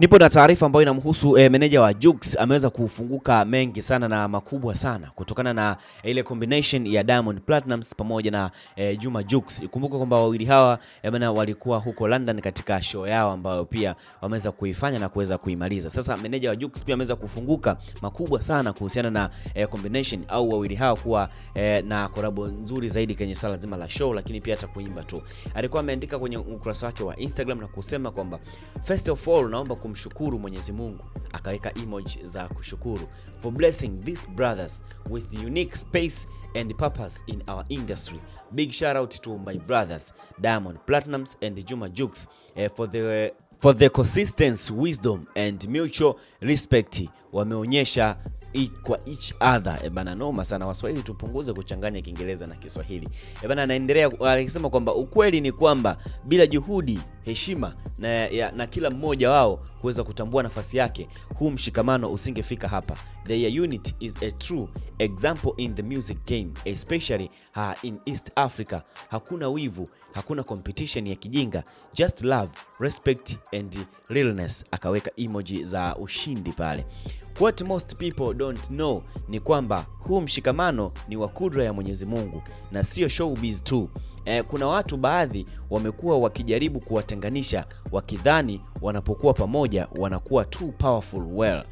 Nipo na taarifa ambayo inamhusu e, meneja wa Jux ameweza kufunguka mengi sana na makubwa sana kutokana na eh, ile combination ya Diamond Platnumz pamoja na e, Juma Jux. Ikumbuka kwamba wawili hawa eh, bana walikuwa huko London katika show yao ambayo pia wameweza kuifanya na kuweza kuimaliza. Sasa meneja wa Jux pia ameweza kufunguka makubwa sana kuhusiana na e, combination au wawili hawa kuwa e, na korabo nzuri zaidi kwenye sala zima la show, lakini pia hata kuimba tu. Alikuwa ameandika kwenye ukurasa wake wa Instagram na kusema kwamba first of all naomba kumshukuru Mwenyezi Mungu, akaweka emoji za kushukuru for blessing these brothers with unique space and purpose in our industry. Big shout out to my brothers Diamond platinums and Juma Jux uh, eh, for the for the consistency, wisdom and mutual respect wameonyesha kwa each other. E bana, noma sana. Waswahili tupunguze kuchanganya Kiingereza na Kiswahili. E bana, anaendelea akisema kwamba ukweli ni kwamba bila juhudi heshima na, ya, na kila mmoja wao kuweza kutambua nafasi yake, huu mshikamano usingefika hapa. Their unity is a true example in the music game especially uh, in East Africa. Hakuna wivu, hakuna competition ya kijinga, just love, respect and realness. Akaweka emoji za ushindi pale. What most people don't know ni kwamba huu mshikamano ni wa kudra ya Mwenyezi Mungu na sio showbiz tu eh, kuna watu baadhi wamekuwa wakijaribu kuwatenganisha wakidhani wanapokuwa pamoja wanakuwa too powerful well.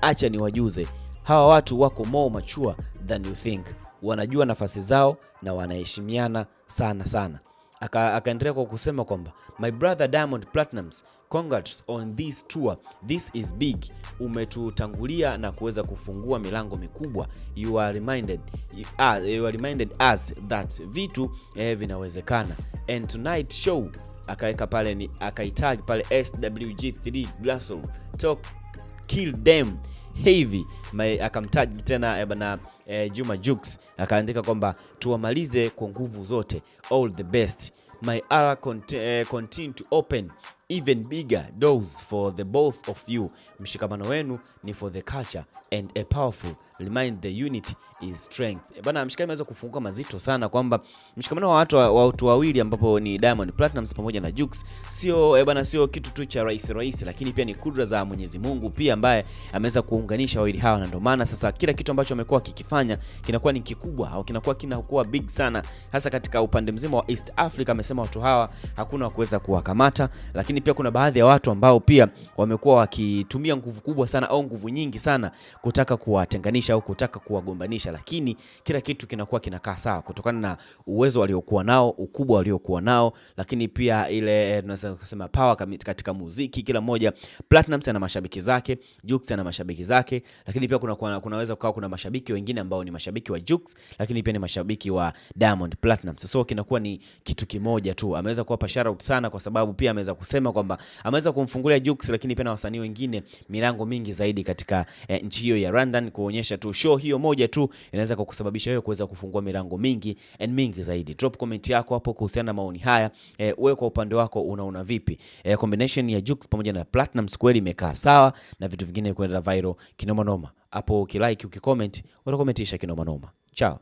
Acha niwajuze hawa watu wako more mature than you think, wanajua nafasi zao na wanaheshimiana sana sana akaendelea kwa kusema kwamba my brother Diamond Platnumz, congrats on this tour, this is big. Umetutangulia na kuweza kufungua milango mikubwa. You are reminded, you are, ah, you are reminded us that vitu eh, vinawezekana and tonight show akaweka pale ni akaitag pale SWG3 Glassol talk kill them hivi akamtaji tena eh, bana e, Juma Jux akaandika kwamba tuwamalize kwa nguvu zote, all the best my ara cont e, continue to open even bigger doors for the both of you. Mshikamano wenu ni for the culture and a powerful remind the unity is strength. E bana, mshikamano aweza kufunguka mazito sana kwamba mshikamano wa watu wa watu wawili ambapo ni Diamond Platnumz pamoja na Jux sio e bana, sio kitu tu cha rahisi rahisi, lakini pia ni kudra za Mwenyezi Mungu pia ambaye ameweza ku kuunganisha wawili hawa, na ndio maana sasa kila kitu ambacho wamekuwa kikifanya kinakuwa ni kikubwa au kinakuwa kinakuwa big sana, hasa katika upande mzima wa East Africa. Amesema watu hawa hakuna wa kuweza kuwakamata, lakini pia kuna baadhi ya watu ambao pia wamekuwa wakitumia nguvu kubwa sana au nguvu nyingi sana kutaka kuwatenganisha au kutaka kuwagombanisha, lakini kila kitu kinakuwa kinakaa sawa kutokana na uwezo waliokuwa nao, ukubwa waliokuwa nao, lakini pia ile eh, tunaweza kusema power katika muziki. Kila mmoja Platinum ana mashabiki zake, Jux ana mashabiki zake zake, lakini pia kuna, kuna, kukawa kuna mashabiki wengine ambao ni mashabiki wa Jux, lakini pia ni mashabiki wa Diamond Platinum. Sasa so, kinakuwa ni kitu kimoja tu. Ameweza kuwapa shout out sana kwa sababu pia ameweza kusema kwamba ameweza kumfungulia Jux, lakini pia na wasanii wengine milango mingi zaidi katika eh, nchi hiyo ya London, kuonyesha tu show hiyo moja tu inaweza kukusababisha wewe kuweza kufungua milango mingi and mingi zaidi. Drop comment yako hapo kuhusiana na maoni haya. Eh, wewe kwa upande wako unaona vipi? Eh, combination ya Jux pamoja na Platinum Square imekaa sawa na vitu vingine kwenda viral kinoma noma. Hapo ukilike, ukikoment, utakomentisha kinoma noma. Chao.